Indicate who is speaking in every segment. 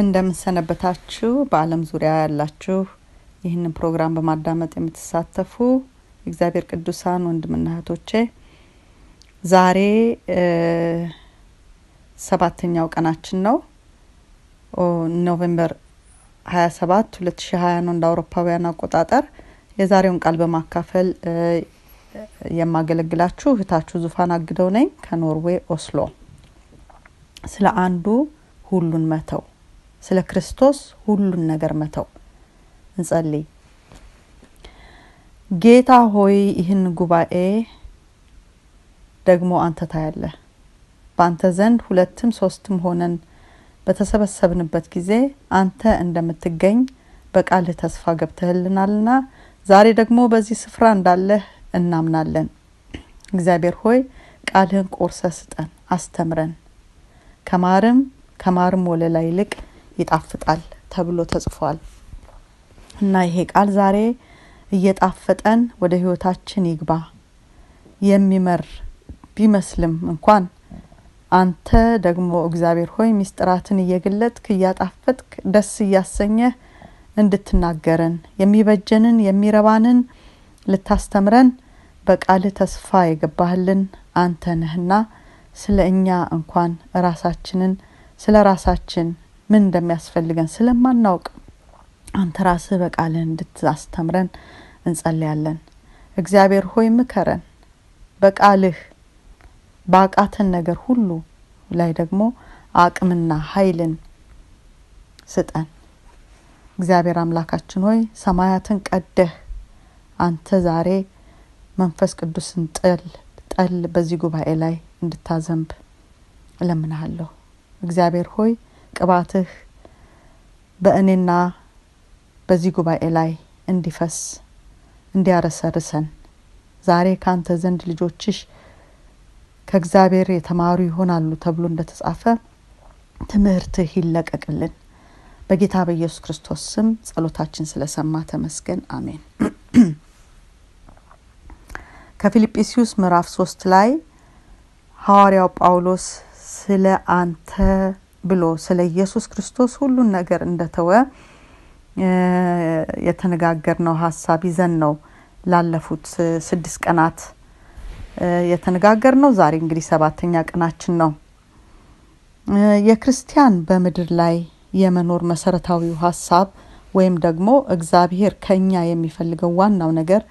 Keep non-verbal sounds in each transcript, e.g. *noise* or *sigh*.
Speaker 1: እንደምንሰነበታችሁ በአለም ዙሪያ ያላችሁ ይህንን ፕሮግራም በማዳመጥ የምትሳተፉ እግዚአብሔር ቅዱሳን ወንድምና እህቶቼ ዛሬ ሰባተኛው ቀናችን ነው ኖቬምበር 27 2020 ነው እንደ አውሮፓውያን አቆጣጠር የዛሬውን ቃል በማካፈል የማገለግላችሁ እህታችሁ ዙፋን አግደው ነኝ ከኖርዌይ ኦስሎ ስለ አንዱ ሁሉን መተው ስለ ክርስቶስ ሁሉን ነገር መተው። እንጸልይ። ጌታ ሆይ ይህን ጉባኤ ደግሞ አንተ ታያለ በአንተ ዘንድ ሁለትም ሶስትም ሆነን በተሰበሰብንበት ጊዜ አንተ እንደምትገኝ በቃልህ ተስፋ ገብተህልናልና ዛሬ ደግሞ በዚህ ስፍራ እንዳለህ እናምናለን። እግዚአብሔር ሆይ ቃልህን ቆርሰ ስጠን፣ አስተምረን ከማርም ከማርም ወለላ ይልቅ ይጣፍጣል ተብሎ ተጽፏል እና ይሄ ቃል ዛሬ እየጣፈጠን ወደ ህይወታችን ይግባ። የሚመር ቢመስልም እንኳን አንተ ደግሞ እግዚአብሔር ሆይ ሚስጥራትን እየገለጥክ እያጣፈጥክ ደስ እያሰኘህ እንድትናገረን የሚበጀንን የሚረባንን ልታስተምረን በቃል ተስፋ የገባህልን አንተ ነህና ስለ እኛ እንኳን ራሳችንን ስለ ራሳችን ምን እንደሚያስፈልገን ስለማናውቅ አንተ ራስህ በቃልህ እንድታስተምረን እንጸለያለን። እግዚአብሔር ሆይ ምከረን፣ በቃልህ በአቃተን ነገር ሁሉ ላይ ደግሞ አቅምና ኃይልን ስጠን። እግዚአብሔር አምላካችን ሆይ ሰማያትን ቀደህ አንተ ዛሬ መንፈስ ቅዱስን ጠል ጠል በዚህ ጉባኤ ላይ እንድታዘንብ እለምናሃለሁ። እግዚአብሔር ሆይ ቅባትህ በእኔና በዚህ ጉባኤ ላይ እንዲፈስ እንዲያረሰርሰን ዛሬ ካንተ ዘንድ ልጆችሽ ከእግዚአብሔር የተማሩ ይሆናሉ ተብሎ እንደተጻፈ ትምህርትህ ይለቀቅልን። በጌታ በኢየሱስ ክርስቶስ ስም ጸሎታችን ስለሰማ ተመስገን፣ አሜን። *clears throat* ከፊልጵስዩስ ምዕራፍ ሶስት ላይ ሐዋርያው ጳውሎስ ስለ አንተ ብሎ ስለ ኢየሱስ ክርስቶስ ሁሉን ነገር እንደተወ የተነጋገርነው ሀሳብ ይዘን ነው ላለፉት ስድስት ቀናት የተነጋገርነው። ዛሬ እንግዲህ ሰባተኛ ቀናችን ነው። የክርስቲያን በምድር ላይ የመኖር መሰረታዊው ሀሳብ ወይም ደግሞ እግዚአብሔር ከኛ የሚፈልገው ዋናው ነገር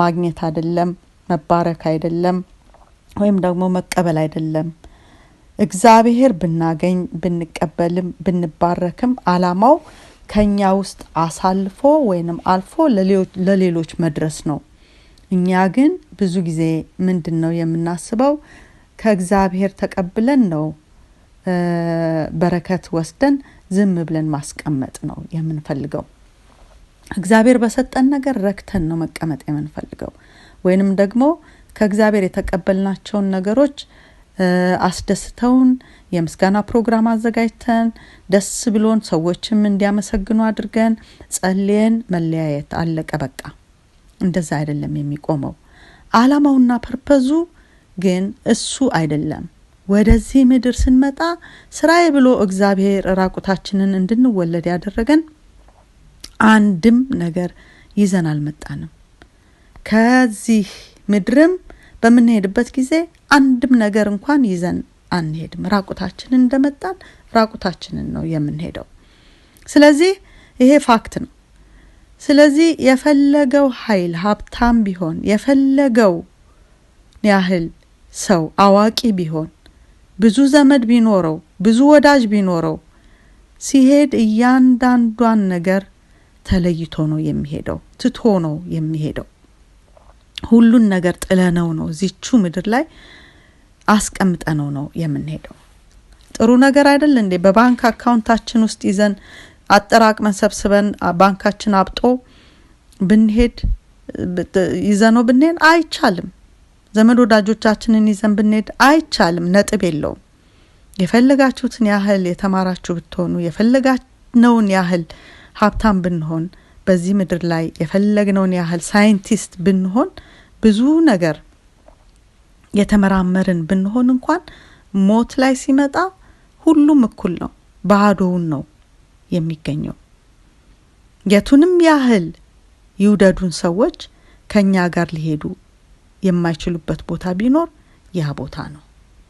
Speaker 1: ማግኘት አይደለም፣ መባረክ አይደለም፣ ወይም ደግሞ መቀበል አይደለም እግዚአብሔር ብናገኝ ብንቀበልም ብንባረክም አላማው ከኛ ውስጥ አሳልፎ ወይንም አልፎ ለሌሎች መድረስ ነው። እኛ ግን ብዙ ጊዜ ምንድን ነው የምናስበው? ከእግዚአብሔር ተቀብለን ነው በረከት ወስደን ዝም ብለን ማስቀመጥ ነው የምንፈልገው። እግዚአብሔር በሰጠን ነገር ረክተን ነው መቀመጥ የምንፈልገው ወይንም ደግሞ ከእግዚአብሔር የተቀበልናቸውን ነገሮች አስደስተውን የምስጋና ፕሮግራም አዘጋጅተን ደስ ብሎን ሰዎችም እንዲያመሰግኑ አድርገን ጸልየን መለያየት አለቀ በቃ። እንደዛ አይደለም የሚቆመው። አላማውና ፐርፐዙ ግን እሱ አይደለም። ወደዚህ ምድር ስንመጣ ስራዬ ብሎ እግዚአብሔር ራቁታችንን እንድንወለድ ያደረገን አንድም ነገር ይዘን አልመጣንም። ከዚህ ምድርም በምንሄድበት ጊዜ አንድም ነገር እንኳን ይዘን አንሄድም። ራቁታችንን እንደመጣን ራቁታችንን ነው የምንሄደው። ስለዚህ ይሄ ፋክት ነው። ስለዚህ የፈለገው ኃይል ሀብታም ቢሆን የፈለገው ያህል ሰው አዋቂ ቢሆን ብዙ ዘመድ ቢኖረው ብዙ ወዳጅ ቢኖረው ሲሄድ እያንዳንዷን ነገር ተለይቶ ነው የሚሄደው፣ ትቶ ነው የሚሄደው። ሁሉን ነገር ጥለነው ነው እዚቹ ምድር ላይ አስቀምጠነው ነው የምንሄደው። ጥሩ ነገር አይደል እንዴ? በባንክ አካውንታችን ውስጥ ይዘን አጠራቅመን ሰብስበን ባንካችን አብጦ ብንሄድ ይዘነው ብንሄድ አይቻልም። ዘመድ ወዳጆቻችንን ይዘን ብንሄድ አይቻልም። ነጥብ የለውም። የፈለጋችሁትን ያህል የተማራችሁ ብትሆኑ የፈለጋነውን ያህል ሀብታም ብንሆን በዚህ ምድር ላይ የፈለግነውን ያህል ሳይንቲስት ብንሆን ብዙ ነገር የተመራመርን ብንሆን እንኳን ሞት ላይ ሲመጣ ሁሉም እኩል ነው፣ ባዶውን ነው የሚገኘው። የቱንም ያህል ይውደዱን ሰዎች ከእኛ ጋር ሊሄዱ የማይችሉበት ቦታ ቢኖር ያ ቦታ ነው።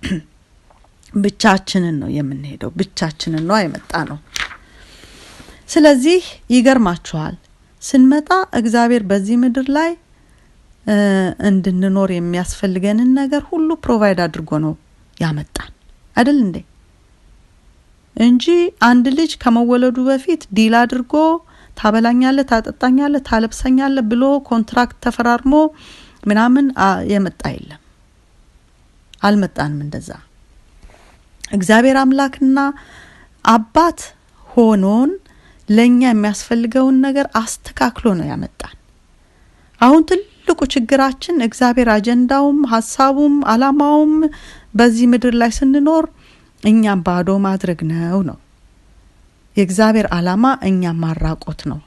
Speaker 1: *clears throat* ብቻችንን ነው የምንሄደው፣ ብቻችንን ነው የመጣ ነው። ስለዚህ ይገርማችኋል ስንመጣ እግዚአብሔር በዚህ ምድር ላይ እንድንኖር የሚያስፈልገንን ነገር ሁሉ ፕሮቫይድ አድርጎ ነው ያመጣን አይደል እንዴ? እንጂ አንድ ልጅ ከመወለዱ በፊት ዲል አድርጎ ታበላኛለ፣ ታጠጣኛለ፣ ታለብሰኛለ ብሎ ኮንትራክት ተፈራርሞ ምናምን የመጣ የለም። አልመጣንም እንደዛ። እግዚአብሔር አምላክና አባት ሆኖን ለእኛ የሚያስፈልገውን ነገር አስተካክሎ ነው ያመጣን። አሁን ትል ትልቁ ችግራችን እግዚአብሔር አጀንዳውም ሀሳቡም አላማውም በዚህ ምድር ላይ ስንኖር እኛም ባዶ ማድረግ ነው ነው የእግዚአብሔር አላማ እኛም ማራቆት ነው።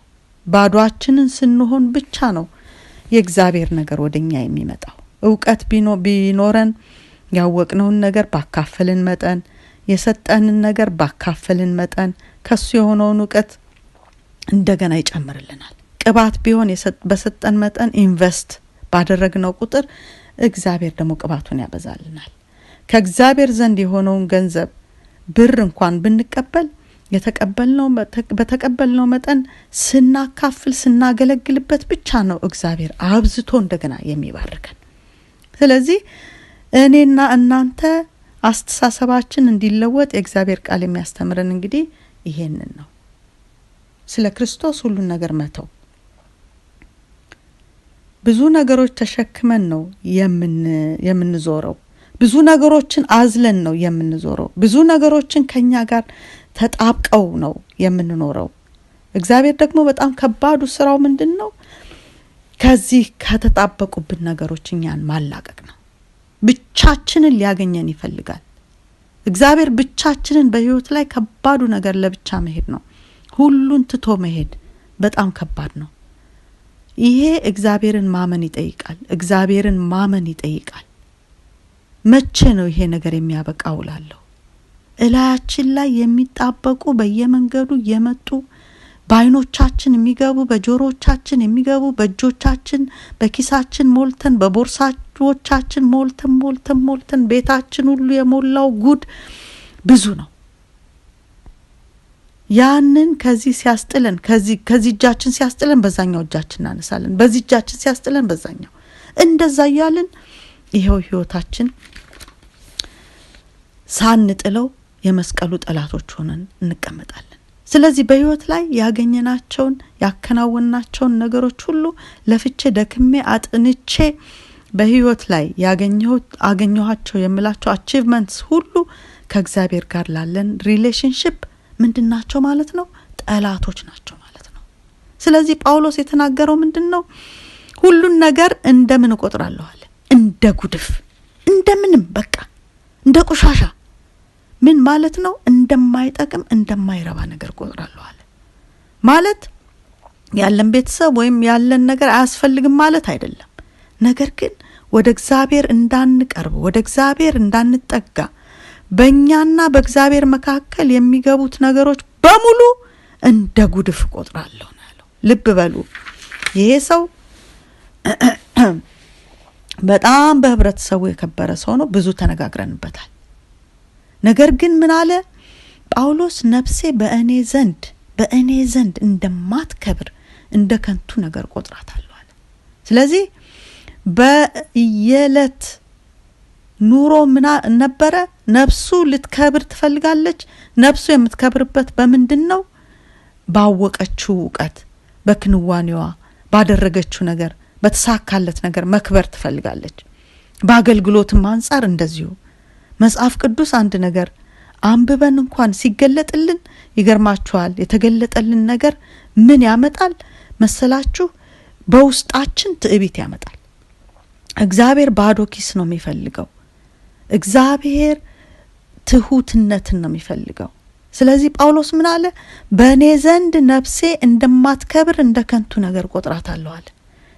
Speaker 1: ባዷችንን ስንሆን ብቻ ነው የእግዚአብሔር ነገር ወደ እኛ የሚመጣው። እውቀት ቢኖረን ያወቅነውን ነገር ባካፈልን መጠን የሰጠንን ነገር ባካፈልን መጠን ከሱ የሆነውን እውቀት እንደገና ይጨምርልናል። ቅባት ቢሆን በሰጠን መጠን ኢንቨስት ባደረግነው ቁጥር እግዚአብሔር ደግሞ ቅባቱን ያበዛልናል። ከእግዚአብሔር ዘንድ የሆነውን ገንዘብ ብር እንኳን ብንቀበል የተቀበልነው በተቀበልነው መጠን ስናካፍል ስናገለግልበት ብቻ ነው እግዚአብሔር አብዝቶ እንደገና የሚባርከን። ስለዚህ እኔና እናንተ አስተሳሰባችን እንዲለወጥ የእግዚአብሔር ቃል የሚያስተምረን እንግዲህ ይሄንን ነው። ስለ ክርስቶስ ሁሉን ነገር መተው ብዙ ነገሮች ተሸክመን ነው የምንዞረው። ብዙ ነገሮችን አዝለን ነው የምንዞረው። ብዙ ነገሮችን ከኛ ጋር ተጣብቀው ነው የምንኖረው። እግዚአብሔር ደግሞ በጣም ከባዱ ስራው ምንድን ነው? ከዚህ ከተጣበቁብን ነገሮች እኛን ማላቀቅ ነው። ብቻችንን ሊያገኘን ይፈልጋል እግዚአብሔር። ብቻችንን በህይወት ላይ ከባዱ ነገር ለብቻ መሄድ ነው። ሁሉን ትቶ መሄድ በጣም ከባድ ነው። ይሄ እግዚአብሔርን ማመን ይጠይቃል። እግዚአብሔርን ማመን ይጠይቃል። መቼ ነው ይሄ ነገር የሚያበቃ ውላለሁ እላያችን ላይ የሚጣበቁ በየመንገዱ የመጡ በአይኖቻችን የሚገቡ በጆሮቻችን የሚገቡ በእጆቻችን በኪሳችን ሞልተን በቦርሳዎቻችን ሞልተን ሞልተን ሞልተን ቤታችን ሁሉ የሞላው ጉድ ብዙ ነው። ያንን ከዚህ ሲያስጥለን ከዚህ እጃችን ሲያስጥለን በዛኛው እጃችን እናነሳለን፣ በዚህ እጃችን ሲያስጥለን በዛኛው እንደዛ እያልን ይኸው ህይወታችን ሳንጥለው የመስቀሉ ጠላቶች ሆነን እንቀመጣለን። ስለዚህ በህይወት ላይ ያገኘናቸውን ያከናወናቸውን ነገሮች ሁሉ ለፍቼ ደክሜ አጥንቼ በህይወት ላይ አገኘኋቸው የምላቸው አቺቭመንትስ ሁሉ ከእግዚአብሔር ጋር ላለን ሪሌሽንሽፕ ምንድን ናቸው ማለት ነው? ጠላቶች ናቸው ማለት ነው። ስለዚህ ጳውሎስ የተናገረው ምንድን ነው? ሁሉን ነገር እንደምን እቆጥራለኋል? እንደ ጉድፍ፣ እንደምንም፣ በቃ እንደ ቆሻሻ ምን ማለት ነው? እንደማይጠቅም እንደማይረባ ነገር ቆጥራለኋል ማለት ያለን ቤተሰብ ወይም ያለን ነገር አያስፈልግም ማለት አይደለም። ነገር ግን ወደ እግዚአብሔር እንዳንቀርብ ወደ እግዚአብሔር እንዳንጠጋ በእኛና በእግዚአብሔር መካከል የሚገቡት ነገሮች በሙሉ እንደ ጉድፍ ቆጥራለሁ ያለው። ልብ በሉ ይሄ ሰው *clears throat* በጣም በህብረተሰቡ የከበረ ሰው ነው። ብዙ ተነጋግረንበታል። ነገር ግን ምን አለ ጳውሎስ? ነፍሴ በእኔ ዘንድ በእኔ ዘንድ እንደማትከብር እንደ ከንቱ ነገር ቆጥራታለሁ አለ። ስለዚህ በየዕለት ኑሮ ምና ነበረ ነፍሱ ልትከብር ትፈልጋለች። ነፍሱ የምትከብርበት በምንድን ነው? ባወቀችው እውቀት፣ በክንዋኔዋ፣ ባደረገችው ነገር፣ በተሳካለት ነገር መክበር ትፈልጋለች። በአገልግሎትም አንጻር እንደዚሁ መጽሐፍ ቅዱስ አንድ ነገር አንብበን እንኳን ሲገለጥልን ይገርማችኋል። የተገለጠልን ነገር ምን ያመጣል መሰላችሁ? በውስጣችን ትዕቢት ያመጣል። እግዚአብሔር ባዶ ኪስ ነው የሚፈልገው እግዚአብሔር ትሁትነትን ነው የሚፈልገው። ስለዚህ ጳውሎስ ምን አለ? በእኔ ዘንድ ነፍሴ እንደማትከብር እንደ ከንቱ ነገር ቆጥራታለሁ አለ።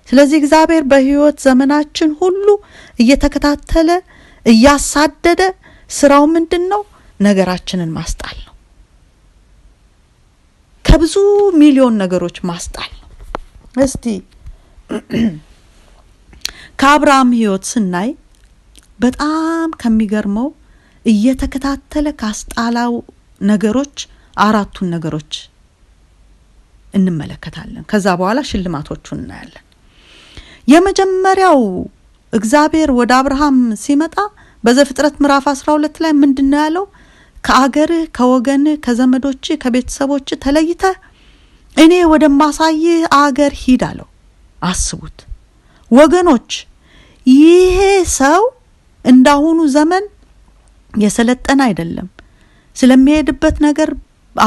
Speaker 1: ስለዚህ እግዚአብሔር በህይወት ዘመናችን ሁሉ እየተከታተለ እያሳደደ ስራው ምንድን ነው? ነገራችንን ማስጣል ነው። ከብዙ ሚሊዮን ነገሮች ማስጣል ነው። እስቲ ከአብርሃም ህይወት ስናይ በጣም ከሚገርመው እየተከታተለ ካስጣላው ነገሮች አራቱን ነገሮች እንመለከታለን። ከዛ በኋላ ሽልማቶቹን እናያለን። የመጀመሪያው እግዚአብሔር ወደ አብርሃም ሲመጣ በዘፍጥረት ምዕራፍ 12 ላይ ምንድን ነው ያለው? ከአገርህ ከወገንህ ከዘመዶች ከቤተሰቦች ተለይተህ እኔ ወደማሳይህ አገር ሂድ አለው። አስቡት ወገኖች፣ ይሄ ሰው እንዳሁኑ ዘመን የሰለጠነ አይደለም። ስለሚሄድበት ነገር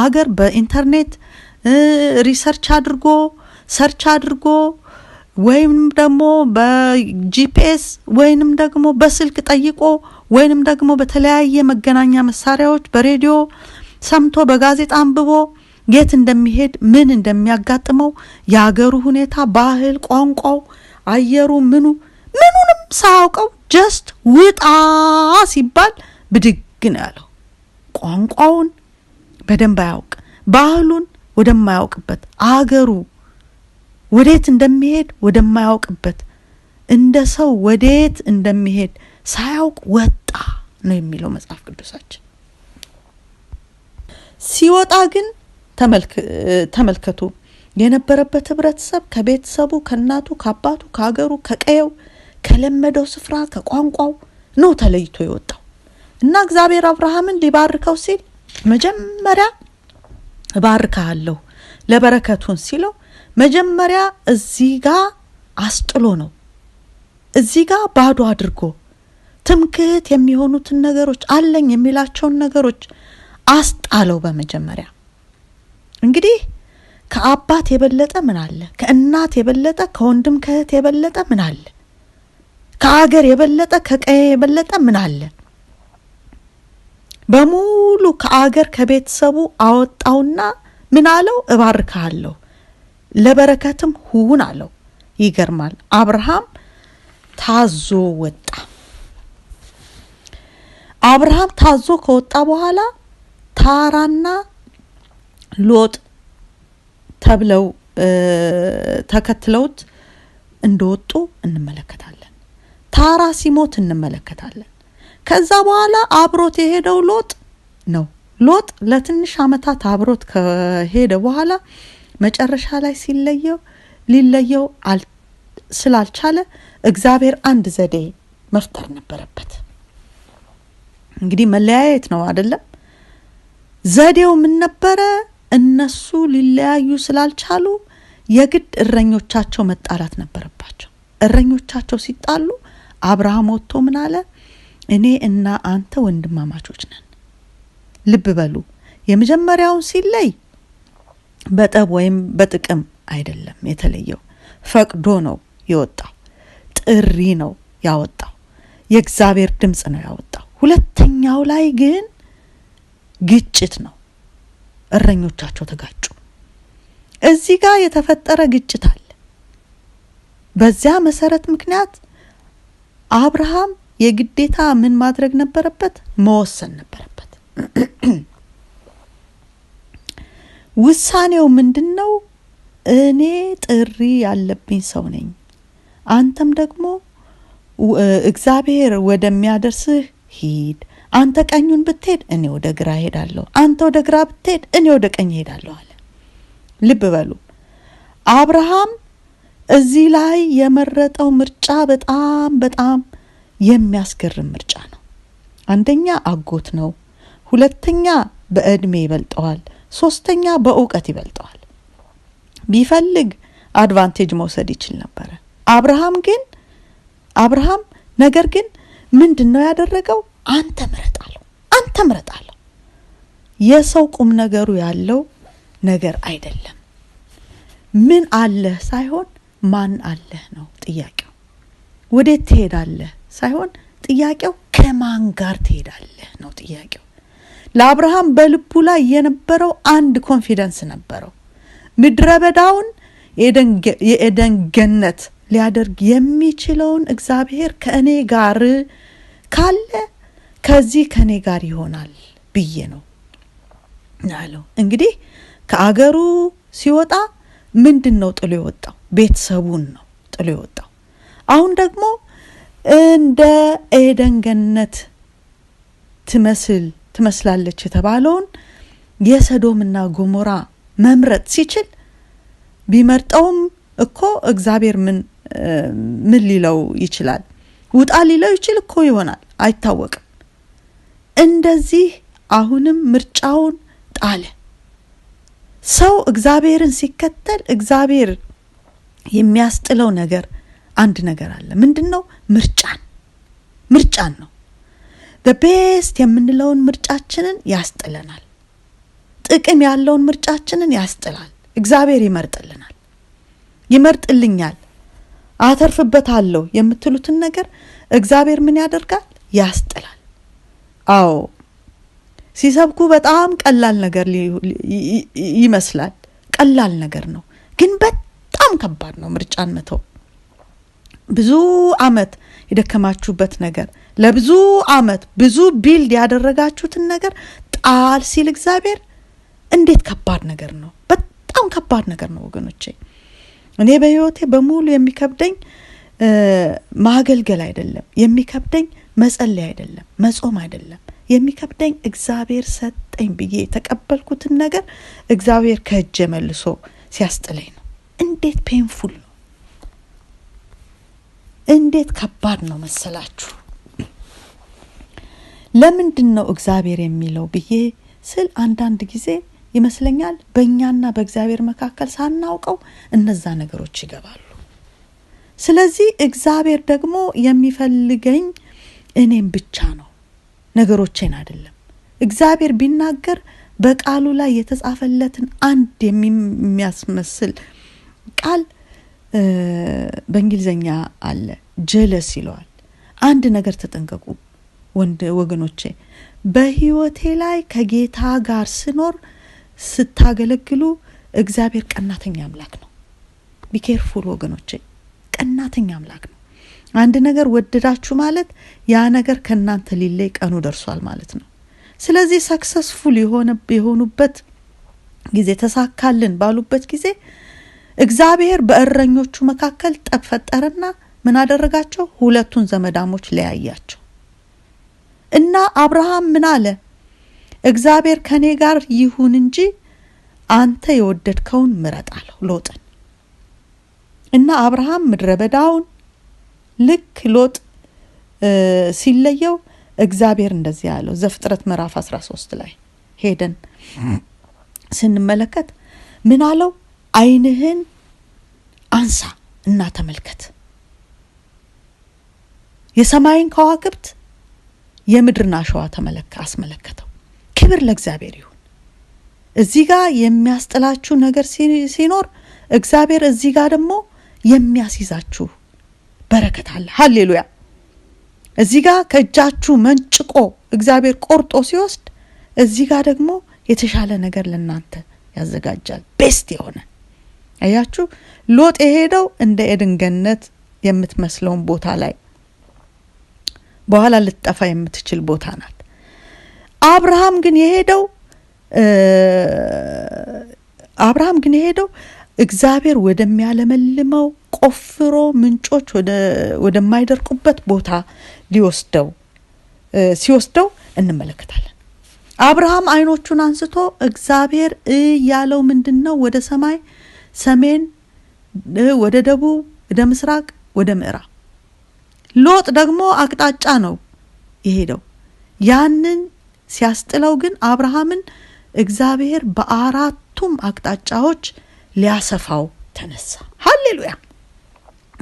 Speaker 1: ሀገር በኢንተርኔት ሪሰርች አድርጎ ሰርች አድርጎ ወይም ደግሞ በጂፒኤስ ወይንም ደግሞ በስልክ ጠይቆ ወይንም ደግሞ በተለያየ መገናኛ መሳሪያዎች በሬዲዮ ሰምቶ በጋዜጣ አንብቦ የት እንደሚሄድ ምን እንደሚያጋጥመው የሀገሩ ሁኔታ፣ ባህል፣ ቋንቋው፣ አየሩ ምኑ ምኑንም ሳያውቀው ጀስት ውጣ ሲባል ብድግ ነው ያለው። ቋንቋውን በደንብ አያውቅ፣ ባህሉን ወደማያውቅበት አገሩ ወዴት እንደሚሄድ ወደማያውቅበት እንደ ሰው ወዴት እንደሚሄድ ሳያውቅ ወጣ ነው የሚለው መጽሐፍ ቅዱሳችን። ሲወጣ ግን ተመልከቱ የነበረበት ህብረተሰብ ከቤተሰቡ፣ ከእናቱ፣ ከአባቱ፣ ከአገሩ፣ ከቀየው፣ ከለመደው ስፍራ፣ ከቋንቋው ነው ተለይቶ የወጣው። እና እግዚአብሔር አብርሃምን ሊባርከው ሲል መጀመሪያ እባርካለሁ ለበረከቱን ሲለው መጀመሪያ እዚህ ጋ አስጥሎ ነው። እዚህ ጋ ባዶ አድርጎ ትምክህት የሚሆኑትን ነገሮች አለኝ የሚላቸውን ነገሮች አስጣለው። በመጀመሪያ እንግዲህ ከአባት የበለጠ ምን አለ? ከእናት የበለጠ ከወንድም ከእህት የበለጠ ምን አለ? ከአገር የበለጠ ከቀዬ የበለጠ ምን አለ? በሙሉ ከአገር ከቤተሰቡ አወጣውና ምን አለው? እባርካለሁ ለበረከትም ሁን አለው። ይገርማል። አብርሃም ታዞ ወጣ። አብርሃም ታዞ ከወጣ በኋላ ታራና ሎጥ ተብለው ተከትለውት እንደወጡ እንመለከታለን። ታራ ሲሞት እንመለከታለን። ከዛ በኋላ አብሮት የሄደው ሎጥ ነው። ሎጥ ለትንሽ አመታት አብሮት ከሄደ በኋላ መጨረሻ ላይ ሲለየው ሊለየው ስላልቻለ እግዚአብሔር አንድ ዘዴ መፍጠር ነበረበት። እንግዲህ መለያየት ነው አይደለም? ዘዴው ምን ነበረ? እነሱ ሊለያዩ ስላልቻሉ የግድ እረኞቻቸው መጣላት ነበረባቸው። እረኞቻቸው ሲጣሉ አብርሃም ወጥቶ ምን አለ? እኔ እና አንተ ወንድማማቾች ነን። ልብ በሉ፣ የመጀመሪያውን ሲለይ በጠብ ወይም በጥቅም አይደለም የተለየው። ፈቅዶ ነው የወጣው። ጥሪ ነው ያወጣው። የእግዚአብሔር ድምፅ ነው ያወጣው። ሁለተኛው ላይ ግን ግጭት ነው። እረኞቻቸው ተጋጩ። እዚህ ጋር የተፈጠረ ግጭት አለ። በዚያ መሰረት ምክንያት አብርሃም የግዴታ ምን ማድረግ ነበረበት? መወሰን ነበረበት። *clears throat* ውሳኔው ምንድን ነው? እኔ ጥሪ ያለብኝ ሰው ነኝ። አንተም ደግሞ እግዚአብሔር ወደሚያደርስህ ሂድ። አንተ ቀኙን ብትሄድ እኔ ወደ ግራ ሄዳለሁ፣ አንተ ወደ ግራ ብትሄድ እኔ ወደ ቀኝ ሄዳለሁ አለ። ልብ በሉ አብርሃም እዚህ ላይ የመረጠው ምርጫ በጣም በጣም የሚያስገርም ምርጫ ነው። አንደኛ አጎት ነው፣ ሁለተኛ በእድሜ ይበልጠዋል፣ ሶስተኛ በእውቀት ይበልጠዋል። ቢፈልግ አድቫንቴጅ መውሰድ ይችል ነበረ። አብርሃም ግን አብርሃም ነገር ግን ምንድን ነው ያደረገው? አንተ ምረጣለሁ፣ አለው። አንተ ምረጥ አለው። የሰው ቁም ነገሩ ያለው ነገር አይደለም። ምን አለህ ሳይሆን ማን አለህ ነው ጥያቄው። ወዴት ትሄዳለህ ሳይሆን ጥያቄው ከማን ጋር ትሄዳለህ ነው ጥያቄው። ለአብርሃም በልቡ ላይ የነበረው አንድ ኮንፊደንስ ነበረው። ምድረ በዳውን የኤደን ገነት ሊያደርግ የሚችለውን እግዚአብሔር ከእኔ ጋር ካለ ከዚህ ከእኔ ጋር ይሆናል ብዬ ነው ያለው። እንግዲህ ከአገሩ ሲወጣ ምንድን ነው ጥሎ የወጣው? ቤተሰቡን ነው ጥሎ የወጣው። አሁን ደግሞ እንደ ኤደን ገነት ትመስል ትመስላለች የተባለውን የሰዶምና ጎሞራ መምረጥ ሲችል ቢመርጠውም እኮ እግዚአብሔር ምን ምን ሊለው ይችላል? ውጣ ሊለው ይችል እኮ ይሆናል፣ አይታወቅም። እንደዚህ አሁንም ምርጫውን ጣለ። ሰው እግዚአብሔርን ሲከተል እግዚአብሔር የሚያስጥለው ነገር አንድ ነገር አለ። ምንድን ነው? ምርጫን ምርጫን ነው። ቤስት የምንለውን ምርጫችንን ያስጥለናል። ጥቅም ያለውን ምርጫችንን ያስጥላል። እግዚአብሔር ይመርጥልናል፣ ይመርጥልኛል፣ አተርፍበታለሁ የምትሉትን ነገር እግዚአብሔር ምን ያደርጋል? ያስጥላል። አዎ ሲሰብኩ በጣም ቀላል ነገር ይመስላል። ቀላል ነገር ነው፣ ግን በጣም ከባድ ነው ምርጫን መተው። ብዙ አመት የደከማችሁበት ነገር ለብዙ አመት ብዙ ቢልድ ያደረጋችሁትን ነገር ጣል ሲል እግዚአብሔር እንዴት ከባድ ነገር ነው! በጣም ከባድ ነገር ነው ወገኖቼ። እኔ በህይወቴ በሙሉ የሚከብደኝ ማገልገል አይደለም፣ የሚከብደኝ መጸለይ አይደለም፣ መጾም አይደለም። የሚከብደኝ እግዚአብሔር ሰጠኝ ብዬ የተቀበልኩትን ነገር እግዚአብሔር ከእጄ መልሶ ሲያስጥለኝ ነው። እንዴት ፔንፉል ነው! እንዴት ከባድ ነው መሰላችሁ። ለምንድን ነው እግዚአብሔር የሚለው ብዬ ስል አንዳንድ ጊዜ ይመስለኛል በእኛና በእግዚአብሔር መካከል ሳናውቀው እነዛ ነገሮች ይገባሉ። ስለዚህ እግዚአብሔር ደግሞ የሚፈልገኝ እኔም ብቻ ነው፣ ነገሮቼን አይደለም። እግዚአብሔር ቢናገር በቃሉ ላይ የተጻፈለትን አንድ የሚያስመስል ቃል በእንግሊዝኛ አለ ጀለስ ይለዋል። አንድ ነገር ተጠንቀቁ ወገኖቼ፣ በህይወቴ ላይ ከጌታ ጋር ስኖር ስታገለግሉ፣ እግዚአብሔር ቀናተኛ አምላክ ነው። ቢኬርፉል ወገኖቼ፣ ቀናተኛ አምላክ ነው። አንድ ነገር ወደዳችሁ ማለት ያ ነገር ከእናንተ ሊለይ ቀኑ ደርሷል ማለት ነው። ስለዚህ ሰክሰስፉል የሆኑበት ጊዜ ተሳካልን ባሉበት ጊዜ እግዚአብሔር በእረኞቹ መካከል ጠብ ፈጠረና ምን አደረጋቸው? ሁለቱን ዘመዳሞች ለያያቸው እና አብርሃም ምን አለ? እግዚአብሔር ከእኔ ጋር ይሁን እንጂ አንተ የወደድከውን ምረጥ አለው ሎጥን። እና አብርሃም ምድረ በዳውን ልክ ሎጥ ሲለየው እግዚአብሔር እንደዚህ ያለው ዘፍጥረት ምዕራፍ 13 ላይ ሄደን ስንመለከት ምን አለው? አይንህን አንሳ እና ተመልከት የሰማይን ከዋክብት የምድርን አሸዋ ተመለከ አስመለከተው። ክብር ለእግዚአብሔር ይሁን። እዚህ ጋር የሚያስጥላችሁ ነገር ሲኖር እግዚአብሔር እዚህ ጋር ደግሞ የሚያስይዛችሁ በረከት አለ። ሀሌሉያ! እዚህ ጋር ከእጃችሁ መንጭቆ እግዚአብሔር ቆርጦ ሲወስድ፣ እዚህ ጋር ደግሞ የተሻለ ነገር ለእናንተ ያዘጋጃል። ቤስት የሆነ አያችሁ፣ ሎጥ የሄደው እንደ ኤድን ገነት የምትመስለውን ቦታ ላይ በኋላ ልትጠፋ የምትችል ቦታ ናት። አብርሃም ግን የሄደው አብርሃም ግን የሄደው እግዚአብሔር ወደሚያለመልመው ቆፍሮ ምንጮች ወደማይደርቁበት ቦታ ሊወስደው ሲወስደው እንመለከታለን። አብርሃም አይኖቹን አንስቶ እግዚአብሔር እያለው ምንድን ነው? ወደ ሰማይ፣ ሰሜን፣ ወደ ደቡብ፣ ወደ ምስራቅ፣ ወደ ምዕራብ ሎጥ ደግሞ አቅጣጫ ነው የሄደው። ያንን ሲያስጥለው ግን አብርሃምን እግዚአብሔር በአራቱም አቅጣጫዎች ሊያሰፋው ተነሳ። ሀሌሉያ!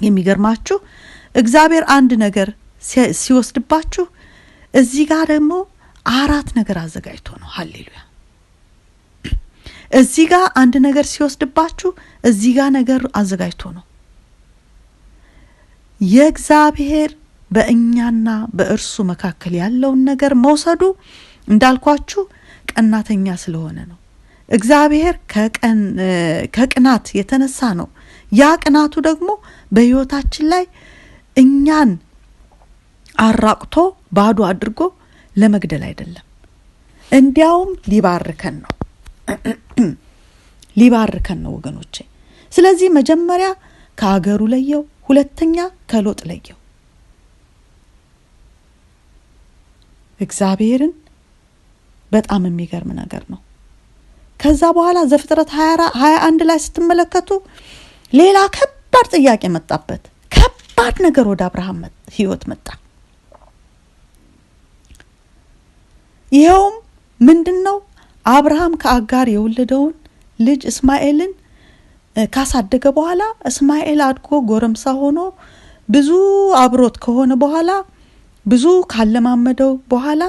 Speaker 1: የሚገርማችሁ እግዚአብሔር አንድ ነገር ሲወስድባችሁ እዚህ ጋር ደግሞ አራት ነገር አዘጋጅቶ ነው። ሀሌሉያ! እዚህ ጋር አንድ ነገር ሲወስድባችሁ እዚህ ጋር ነገር አዘጋጅቶ ነው። የእግዚአብሔር በእኛና በእርሱ መካከል ያለውን ነገር መውሰዱ እንዳልኳችሁ ቀናተኛ ስለሆነ ነው። እግዚአብሔር ከቅናት የተነሳ ነው። ያ ቅናቱ ደግሞ በሕይወታችን ላይ እኛን አራቅቶ ባዶ አድርጎ ለመግደል አይደለም፣ እንዲያውም ሊባርከን ነው። *clears throat* ሊባርከን ነው ወገኖቼ። ስለዚህ መጀመሪያ ከአገሩ ለየው። ሁለተኛ ከሎጥ ለየው። እግዚአብሔርን በጣም የሚገርም ነገር ነው። ከዛ በኋላ ዘፍጥረት 21 ላይ ስትመለከቱ ሌላ ከባድ ጥያቄ መጣበት። ከባድ ነገር ወደ አብርሃም ህይወት መጣ። ይኸውም ምንድን ነው? አብርሃም ከአጋር የወለደውን ልጅ እስማኤልን ካሳደገ በኋላ እስማኤል አድጎ ጎረምሳ ሆኖ ብዙ አብሮት ከሆነ በኋላ ብዙ ካለማመደው በኋላ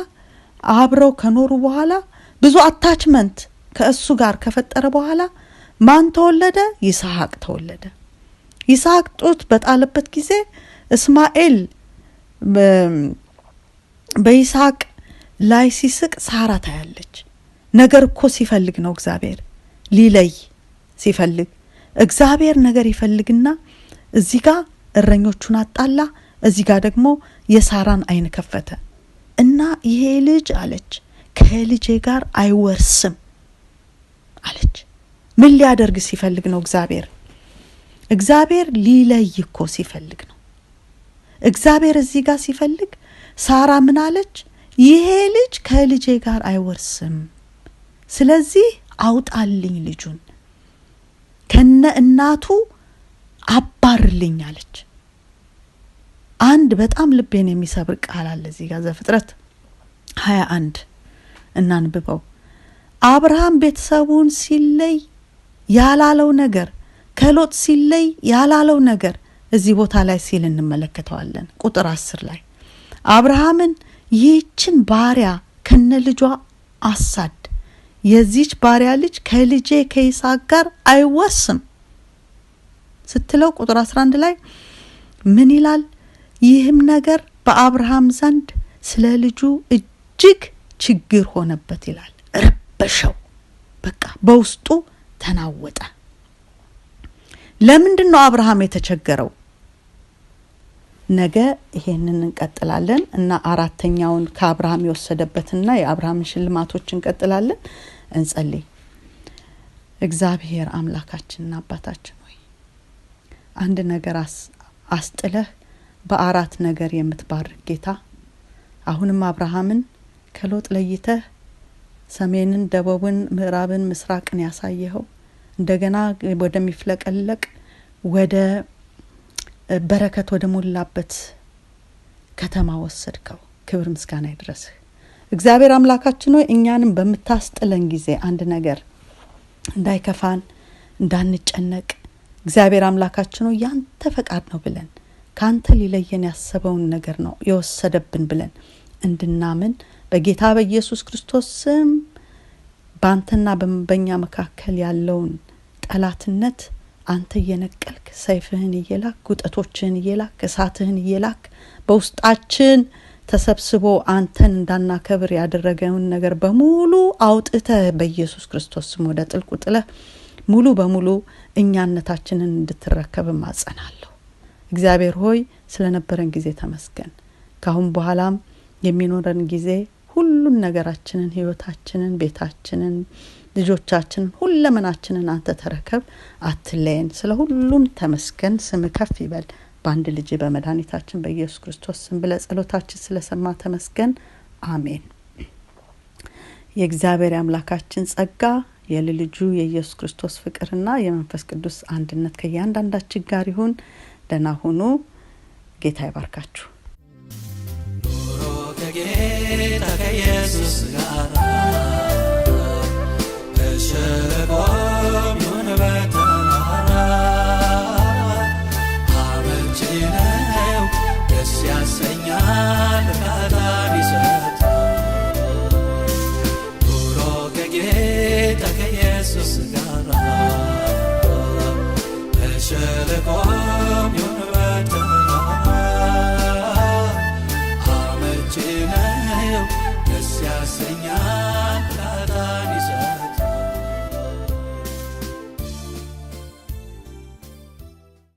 Speaker 1: አብረው ከኖሩ በኋላ ብዙ አታችመንት ከእሱ ጋር ከፈጠረ በኋላ ማን ተወለደ? ይስሐቅ ተወለደ። ይስሐቅ ጡት በጣለበት ጊዜ እስማኤል በይስሐቅ ላይ ሲስቅ ሳራ ታያለች። ነገር እኮ ሲፈልግ ነው እግዚአብሔር ሊለይ ሲፈልግ እግዚአብሔር ነገር ይፈልግና እዚህ ጋ እረኞቹን አጣላ፣ እዚህ ጋ ደግሞ የሳራን አይን ከፈተ እና ይሄ ልጅ አለች ከልጄ ጋር አይወርስም አለች። ምን ሊያደርግ ሲፈልግ ነው? እግዚአብሔር እግዚአብሔር ሊለይ እኮ ሲፈልግ ነው። እግዚአብሔር እዚህ ጋር ሲፈልግ ሳራ ምን አለች? ይሄ ልጅ ከልጄ ጋር አይወርስም፣ ስለዚህ አውጣልኝ ልጁን ከነ እናቱ አባርልኝ አለች። አንድ በጣም ልቤን የሚሰብር ቃል አለ እዚህ ጋር ዘፍጥረት ሀያ አንድ እናንብበው። አብርሃም ቤተሰቡን ሲለይ ያላለው ነገር ከሎጥ ሲለይ ያላለው ነገር እዚህ ቦታ ላይ ሲል እንመለከተዋለን። ቁጥር አስር ላይ አብርሃምን ይህችን ባሪያ ከነ ልጇ አሳድ የዚች ባሪያ ልጅ ከልጄ ከይስሐቅ ጋር አይወስም ስትለው ቁጥር 11 ላይ ምን ይላል? ይህም ነገር በአብርሃም ዘንድ ስለ ልጁ እጅግ ችግር ሆነበት ይላል። ረበሸው፣ በቃ በውስጡ ተናወጠ። ለምንድን ነው አብርሃም የተቸገረው? ነገ ይሄንን እንቀጥላለን እና አራተኛውን ከአብርሃም የወሰደበትና የአብርሃምን ሽልማቶች እንቀጥላለን። እንጸልይ። እግዚአብሔር አምላካችንና አባታችን ሆይ አንድ ነገር አስጥለህ በአራት ነገር የምትባርክ ጌታ አሁንም አብርሃምን ከሎጥ ለይተህ ሰሜንን፣ ደቡብን፣ ምዕራብን፣ ምስራቅን ያሳየኸው እንደገና ወደሚፍለቀለቅ ወደ በረከት ወደ ሞላበት ከተማ ወሰድከው። ክብር ምስጋና ይድረስህ እግዚአብሔር አምላካችን ሆይ እኛንም በምታስጥለን ጊዜ አንድ ነገር እንዳይከፋን እንዳንጨነቅ እግዚአብሔር አምላካችን ሆይ ያንተ ፈቃድ ነው ብለን ከአንተ ሊለየን ያሰበውን ነገር ነው የወሰደብን ብለን እንድናምን በጌታ በኢየሱስ ክርስቶስ ስም በአንተና በእኛ መካከል ያለውን ጠላትነት አንተ እየነቀልክ ሰይፍህን እየላክ ጉጠቶችህን እየላክ እሳትህን እየላክ በውስጣችን ተሰብስቦ አንተን እንዳናከብር ያደረገውን ነገር በሙሉ አውጥተህ በኢየሱስ ክርስቶስ ስም ወደ ጥልቁ ጥለህ ሙሉ በሙሉ እኛነታችንን እንድትረከብ ማጸናለሁ። እግዚአብሔር ሆይ ስለነበረን ጊዜ ተመስገን። ካሁን በኋላም የሚኖረን ጊዜ ሁሉን ነገራችንን፣ ህይወታችንን፣ ቤታችንን ልጆቻችን ሁለመናችንን አንተ ተረከብ፣ አትለየን። ስለ ሁሉም ተመስገን፣ ስም ከፍ ይበል። በአንድ ልጅ በመድኃኒታችን በኢየሱስ ክርስቶስ ስም ብለ ጸሎታችን ስለሰማ ተመስገን። አሜን። የእግዚአብሔር አምላካችን ጸጋ የልልጁ የኢየሱስ ክርስቶስ ፍቅርና የመንፈስ ቅዱስ አንድነት ከእያንዳንዳችን ጋር ይሁን። ደህና ሁኑ። ጌታ ይባርካችሁ።